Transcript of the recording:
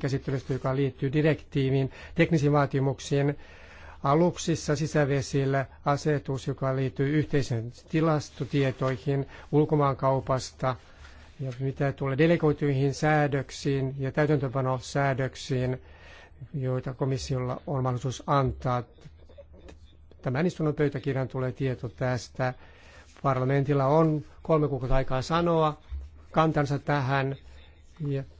käsittelystä, joka liittyy direktiiviin, teknisiin vaatimuksiin aluksissa, sisävesillä, asetus, joka liittyy yhteisen tilastotietoihin ulkomaankaupasta ja mitä tulee delegoituihin säädöksiin ja täytäntöpanosäädöksiin, joita komissiolla on mahdollisuus antaa. Tämän istunnon pöytäkirjan tulee tieto tästä. Parlamentilla on kolme kuukautta aikaa sanoa kantansa tähän ja